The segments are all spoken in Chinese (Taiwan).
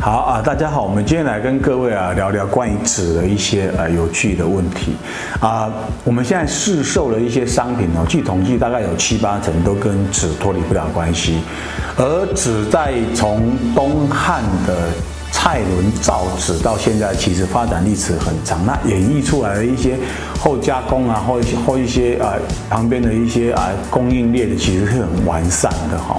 好啊，大家好，我們今天來跟各位啊聊聊關於紙的一些呃有趣的問題啊，呃，我們現在市售的一些商品哦，據統計大概有七八成都跟紙脫離不了關係。而紙在從東漢的蔡倫造紙到現在，其實發展歷史很長，那演繹出來的一些。後加工啊，後後一些啊、呃，旁邊的一些啊、呃，供應鏈的其實是很完善的哈、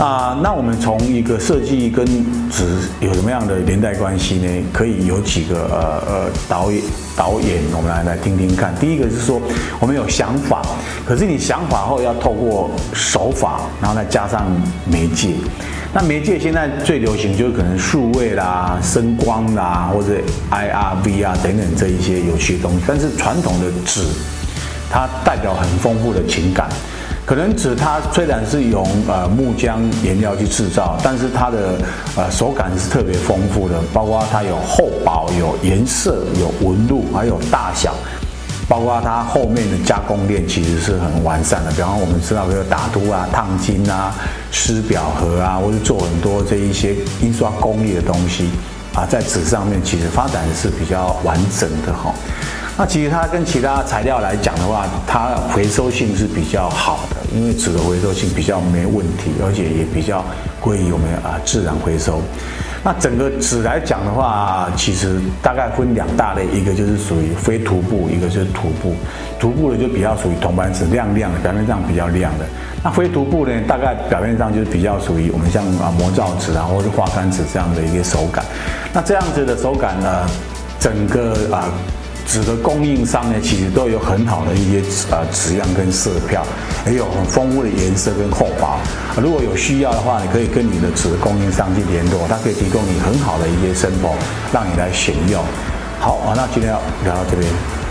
哦，啊、呃，那我們從一個設計跟紙有什麼樣的連帶關係呢？可以有幾個呃呃導演導演，導演我們來來聽聽看。第一個是說，我們有想法，可是你想法後要透過手法，然後再加上媒介。那媒介現在最流行就是可能數位啦、聲光啦，或者 IRV 啊等等這一些有趣的東西，但是傳統。不同的紙，它代表很豐富的情感。可能紙它雖然是用呃木漿原料去製造，但是它的呃手感是特別豐富的，包括它有厚薄、有顏色、有紋路，還有大小，包括它後面的加工鏈其實是很完善的。比方我們知道，比如打凸啊、燙金啊、施表盒啊，或者做很多這一些印刷工藝的東西啊，在紙上面其實發展是比較完整的哈。那其實它跟其他材料來講的話，它回收性是比較好的，因為紙的回收性比較沒問題，而且也比較歸於我們啊自然回收。那整個紙來講的話，其實大概分兩大類，一個就是屬於非塗布，一個就是塗布。塗布的就比較屬於銅版紙，亮亮的表面上比較亮的。那非塗布呢，大概表面上就是比較屬於我們像魔紙啊模造紙啊或者畫刊紙這樣的一個手感。那這樣子的手感呢，整個啊。紙的供應商呢，其實都有很好的一些呃紙樣跟色票，也有很豐富的顏色跟厚薄啊。如果有需要的話，你可以跟你的紙的供應商去聯絡，他可以提供你很好的一些 sample，讓你來選用。好啊，那今天要聊到這邊。